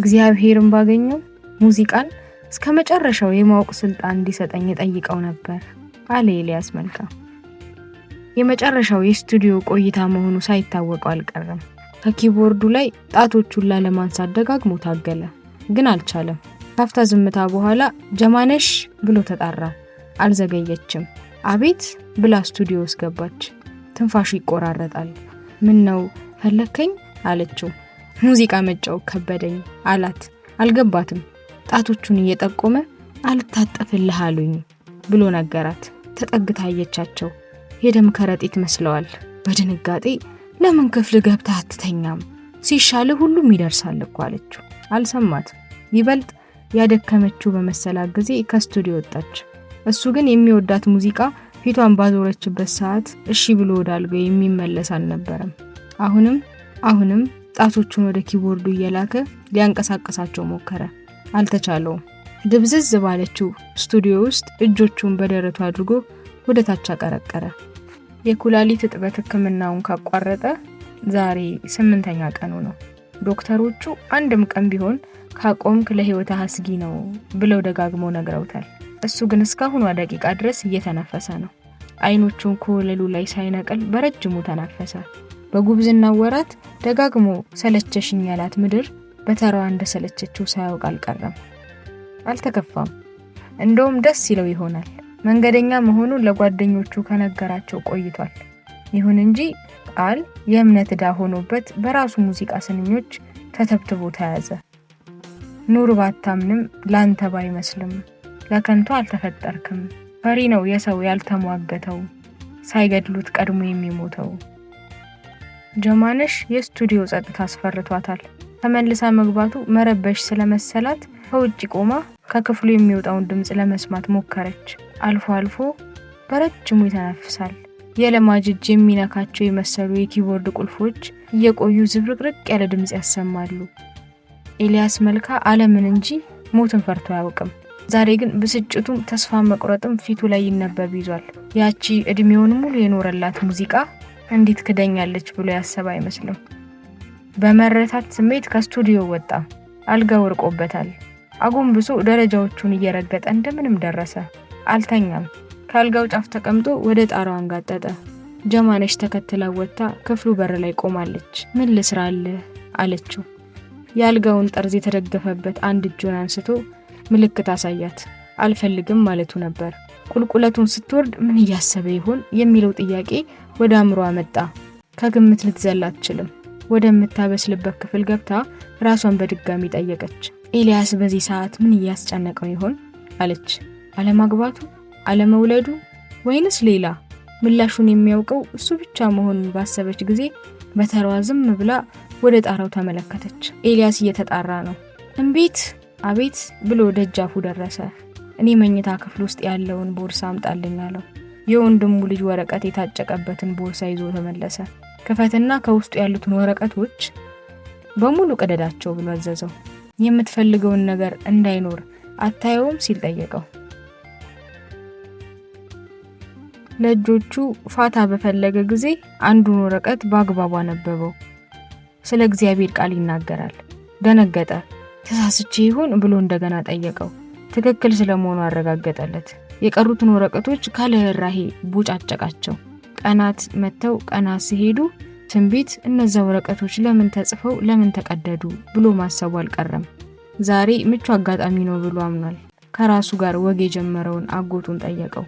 እግዚአብሔርን ባገኘው ሙዚቃን እስከ መጨረሻው የማወቅ ስልጣን እንዲሰጠኝ ጠይቀው ነበር አለ ኤልያስ መልካ። የመጨረሻው የስቱዲዮ ቆይታ መሆኑ ሳይታወቀው አልቀረም። ከኪቦርዱ ላይ ጣቶቹን ላለማንሳት ደጋግሞ ታገለ፣ ግን አልቻለም። ካፍታ ዝምታ በኋላ ጀማነሽ ብሎ ተጣራ። አልዘገየችም። አቤት ብላ ስቱዲዮ ውስጥ ገባች። ትንፋሹ ይቆራረጣል። ምን ነው ፈለግከኝ? አለችው። ሙዚቃ መጫወት ከበደኝ አላት። አልገባትም። ጣቶቹን እየጠቆመ አልታጠፍልህ አሉኝ ብሎ ነገራት። ተጠግታ አየቻቸው። የደም ከረጢት መስለዋል። በድንጋጤ ለምን ክፍል ገብታ አትተኛም? ሲሻልህ ሁሉም ይደርሳል እኮ አለችው። አልሰማት። ይበልጥ ያደከመችው በመሰላት ጊዜ ከስቱዲዮ ወጣች። እሱ ግን የሚወዳት ሙዚቃ ፊቷን ባዞረችበት ሰዓት እሺ ብሎ ወዳልገው የሚመለስ አልነበረም። አሁንም አሁንም ጣቶቹን ወደ ኪቦርዱ እየላከ ሊያንቀሳቀሳቸው ሞከረ። አልተቻለውም። ድብዝዝ ባለችው ስቱዲዮ ውስጥ እጆቹን በደረቱ አድርጎ ወደ ታች አቀረቀረ። የኩላሊት እጥበት ሕክምናውን ካቋረጠ ዛሬ ስምንተኛ ቀኑ ነው። ዶክተሮቹ አንድም ቀን ቢሆን ካቆምክ ለህይወት አስጊ ነው ብለው ደጋግመው ነግረውታል። እሱ ግን እስካሁኗ ደቂቃ ድረስ እየተነፈሰ ነው። አይኖቹን ከወለሉ ላይ ሳይነቅል በረጅሙ ተናፈሰ። በጉብዝና ወራት ደጋግሞ ሰለቸሽኝ ያላት ምድር በተራዋ እንደሰለቸችው ሳያውቅ አልቀረም። አልተከፋም። እንደውም ደስ ይለው ይሆናል። መንገደኛ መሆኑን ለጓደኞቹ ከነገራቸው ቆይቷል። ይሁን እንጂ ቃል የእምነት ዕዳ ሆኖበት በራሱ ሙዚቃ ስንኞች ተተብትቦ ተያዘ። ኑር ባታምንም ላንተ ባይመስልም ለከንቱ አልተፈጠርክም። ፈሪ ነው የሰው ያልተሟገተው ሳይገድሉት ቀድሞ የሚሞተው ጀማነሽ የስቱዲዮ ጸጥታ አስፈርቷታል። ተመልሳ መግባቱ መረበሽ ስለመሰላት ከውጭ ቆማ ከክፍሉ የሚወጣውን ድምፅ ለመስማት ሞከረች። አልፎ አልፎ በረጅሙ ይተነፍሳል። የለማጅ እጅ የሚነካቸው የመሰሉ የኪቦርድ ቁልፎች እየቆዩ ዝብርቅርቅ ያለ ድምፅ ያሰማሉ። ኤልያስ መልካ ዓለምን እንጂ ሞትን ፈርቶ አያውቅም። ዛሬ ግን ብስጭቱም ተስፋ መቁረጥም ፊቱ ላይ ይነበብ ይዟል። ያቺ እድሜውን ሙሉ የኖረላት ሙዚቃ እንዴት ክደኛለች ብሎ ያሰበ አይመስልም። በመረታት ስሜት ከስቱዲዮ ወጣ። አልጋ ወርቆበታል። አጎንብሶ ደረጃዎቹን እየረገጠ እንደምንም ደረሰ። አልተኛም። ከአልጋው ጫፍ ተቀምጦ ወደ ጣራው አንጋጠጠ። ጀማነሽ ተከትላ ወጥታ ክፍሉ በር ላይ ቆማለች። ምን ልስራ አለችው። የአልጋውን ጠርዝ የተደገፈበት አንድ እጁን አንስቶ ምልክት አሳያት። አልፈልግም ማለቱ ነበር። ቁልቁለቱን ስትወርድ ምን እያሰበ ይሆን የሚለው ጥያቄ ወደ አእምሮ መጣ። ከግምት ልትዘል አትችልም። ወደምታበስልበት ክፍል ገብታ ራሷን በድጋሚ ጠየቀች። ኤልያስ በዚህ ሰዓት ምን እያስጨነቀው ይሆን አለች። አለማግባቱ፣ አለመውለዱ ወይንስ ሌላ? ምላሹን የሚያውቀው እሱ ብቻ መሆኑን ባሰበች ጊዜ በተሯ ዝም ብላ ወደ ጣራው ተመለከተች። ኤልያስ እየተጣራ ነው። እምቤት አቤት ብሎ ደጃፉ ደረሰ። እኔ መኝታ ክፍል ውስጥ ያለውን ቦርሳ አምጣልኝ አለው። የወንድሙ ልጅ ወረቀት የታጨቀበትን ቦርሳ ይዞ ተመለሰ። ክፈትና ከውስጡ ያሉትን ወረቀቶች በሙሉ ቅደዳቸው ብሎ አዘዘው። የምትፈልገውን ነገር እንዳይኖር አታየውም ሲል ጠየቀው። ለእጆቹ ፋታ በፈለገ ጊዜ አንዱን ወረቀት በአግባቡ አነበበው። ስለ እግዚአብሔር ቃል ይናገራል። ደነገጠ። ተሳስቼ ይሆን ብሎ እንደገና ጠየቀው። ትክክል ስለመሆኑ አረጋገጠለት። የቀሩትን ወረቀቶች ካለ ርኅራኄ ቦጫጨቃቸው። ቀናት መጥተው ቀናት ሲሄዱ ትንቢት እነዛ ወረቀቶች ለምን ተጽፈው ለምን ተቀደዱ ብሎ ማሰቡ አልቀረም። ዛሬ ምቹ አጋጣሚ ነው ብሎ አምኗል። ከራሱ ጋር ወግ የጀመረውን አጎቱን ጠየቀው።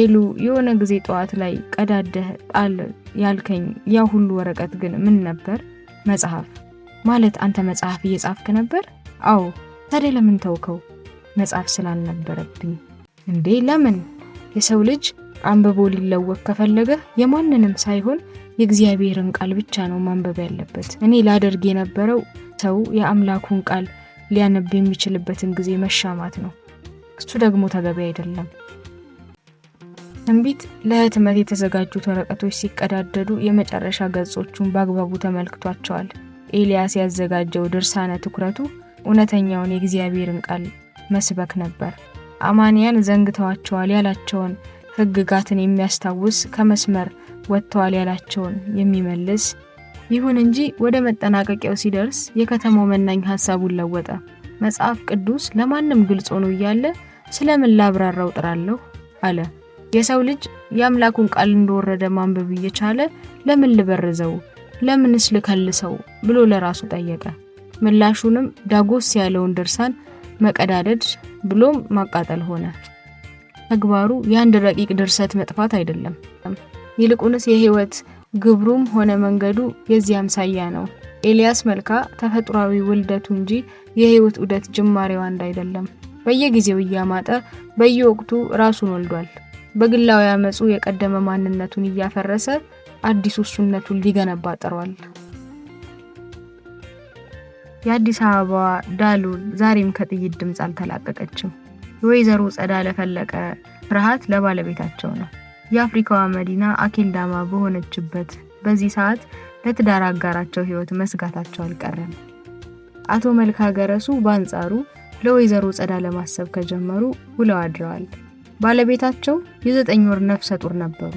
ኤሉ የሆነ ጊዜ ጠዋት ላይ ቀዳደህ ጣል ያልከኝ ያ ሁሉ ወረቀት ግን ምን ነበር? መጽሐፍ ማለት አንተ መጽሐፍ እየጻፍክ ነበር? አዎ። ታዲያ ለምን ተውከው? መጻፍ ስላልነበረብኝ። እንዴ ለምን? የሰው ልጅ አንብቦ ሊለወቅ ከፈለገ የማንንም ሳይሆን የእግዚአብሔርን ቃል ብቻ ነው ማንበብ ያለበት። እኔ ላደርግ የነበረው ሰው የአምላኩን ቃል ሊያነብ የሚችልበትን ጊዜ መሻማት ነው። እሱ ደግሞ ተገቢ አይደለም። ትንቢት ለህትመት የተዘጋጁ ወረቀቶች ሲቀዳደዱ የመጨረሻ ገጾቹን በአግባቡ ተመልክቷቸዋል። ኤልያስ ያዘጋጀው ድርሳነ ትኩረቱ እውነተኛውን የእግዚአብሔርን ቃል መስበክ ነበር። አማንያን ዘንግተዋቸዋል ያላቸውን ሕግጋትን የሚያስታውስ ከመስመር ወጥተዋል ያላቸውን የሚመልስ ይሁን እንጂ ወደ መጠናቀቂያው ሲደርስ የከተማው መናኝ ሀሳቡን ለወጠ። መጽሐፍ ቅዱስ ለማንም ግልጽ ሆኖ እያለ ስለምን ላብራራው ጥራለሁ አለ። የሰው ልጅ የአምላኩን ቃል እንደወረደ ማንበብ እየቻለ ለምን ልበርዘው፣ ለምንስ ልከልሰው ብሎ ለራሱ ጠየቀ። ምላሹንም ዳጎስ ያለውን ድርሳን መቀዳደድ ብሎም ማቃጠል ሆነ። ተግባሩ የአንድ ረቂቅ ድርሰት መጥፋት አይደለም፣ ይልቁንስ የህይወት ግብሩም ሆነ መንገዱ የዚህ አምሳያ ነው። ኤልያስ መልካ ተፈጥሯዊ ውልደቱ እንጂ የህይወት ዑደት ጅማሬዋ አይደለም። በየጊዜው እያማጠ በየወቅቱ ራሱን ወልዷል። በግላዊ አመፁ የቀደመ ማንነቱን እያፈረሰ አዲሱ እሱነቱን ሊገነባ ጥሯል። የአዲስ አበባ ዳሉል ዛሬም ከጥይት ድምፅ አልተላቀቀችም። የወይዘሮ ጸዳለ ፈለቀ ፍርሃት ለባለቤታቸው ነው። የአፍሪካዋ መዲና አኬልዳማ በሆነችበት በዚህ ሰዓት ለትዳር አጋራቸው ህይወት መስጋታቸው አልቀረም። አቶ መልካ ገረሱ በአንጻሩ ለወይዘሮ ጸዳለ ማሰብ ከጀመሩ ውለው አድረዋል። ባለቤታቸው የዘጠኝ ወር ነፍሰ ጡር ነበሩ።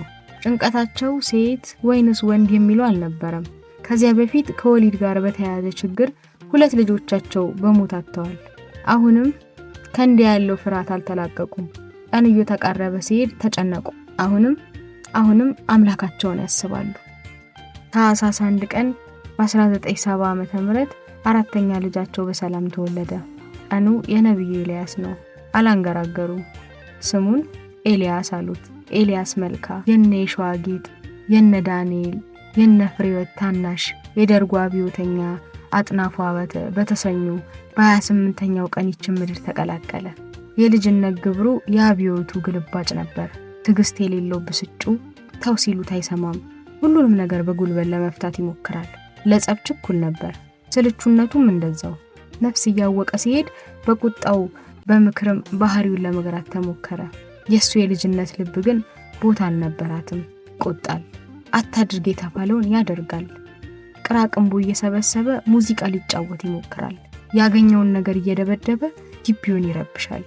ጭንቀታቸው ሴት ወይንስ ወንድ የሚለው አልነበረም። ከዚያ በፊት ከወሊድ ጋር በተያያዘ ችግር ሁለት ልጆቻቸው በሞት አጥተዋል። አሁንም ከእንዲህ ያለው ፍርሃት አልተላቀቁም። ቀን እየተቃረበ ሲሄድ ተጨነቁ። አሁንም አሁንም አምላካቸውን ያስባሉ። ታህሳስ አንድ ቀን በ1970 ዓመተ ምህረት አራተኛ ልጃቸው በሰላም ተወለደ። ቀኑ የነቢዩ ኤልያስ ነው። አላንገራገሩም። ስሙን ኤልያስ አሉት። ኤልያስ መልካ የነ የሸዋ ጌጥ፣ የነ ዳንኤል፣ የነ ፍሬወት ታናሽ፣ የደርጉ አብዮተኛ አጥናፉ አበተ በተሰኙ በ28ኛው ቀን ይችን ምድር ተቀላቀለ። የልጅነት ግብሩ የአብዮቱ ግልባጭ ነበር። ትዕግስት የሌለው ብስጩ ተው ሲሉት አይሰማም። ሁሉንም ነገር በጉልበት ለመፍታት ይሞክራል። ለጸብ ችኩል ነበር። ስልቹነቱም እንደዛው። ነፍስ እያወቀ ሲሄድ በቁጣው በምክርም ባህሪውን ለመግራት ተሞከረ። የእሱ የልጅነት ልብ ግን ቦታ አልነበራትም። ይቆጣል። አታድርግ የተባለውን ያደርጋል። ቅራቅንቦ እየሰበሰበ ሙዚቃ ሊጫወት ይሞክራል። ያገኘውን ነገር እየደበደበ ግቢውን ይረብሻል።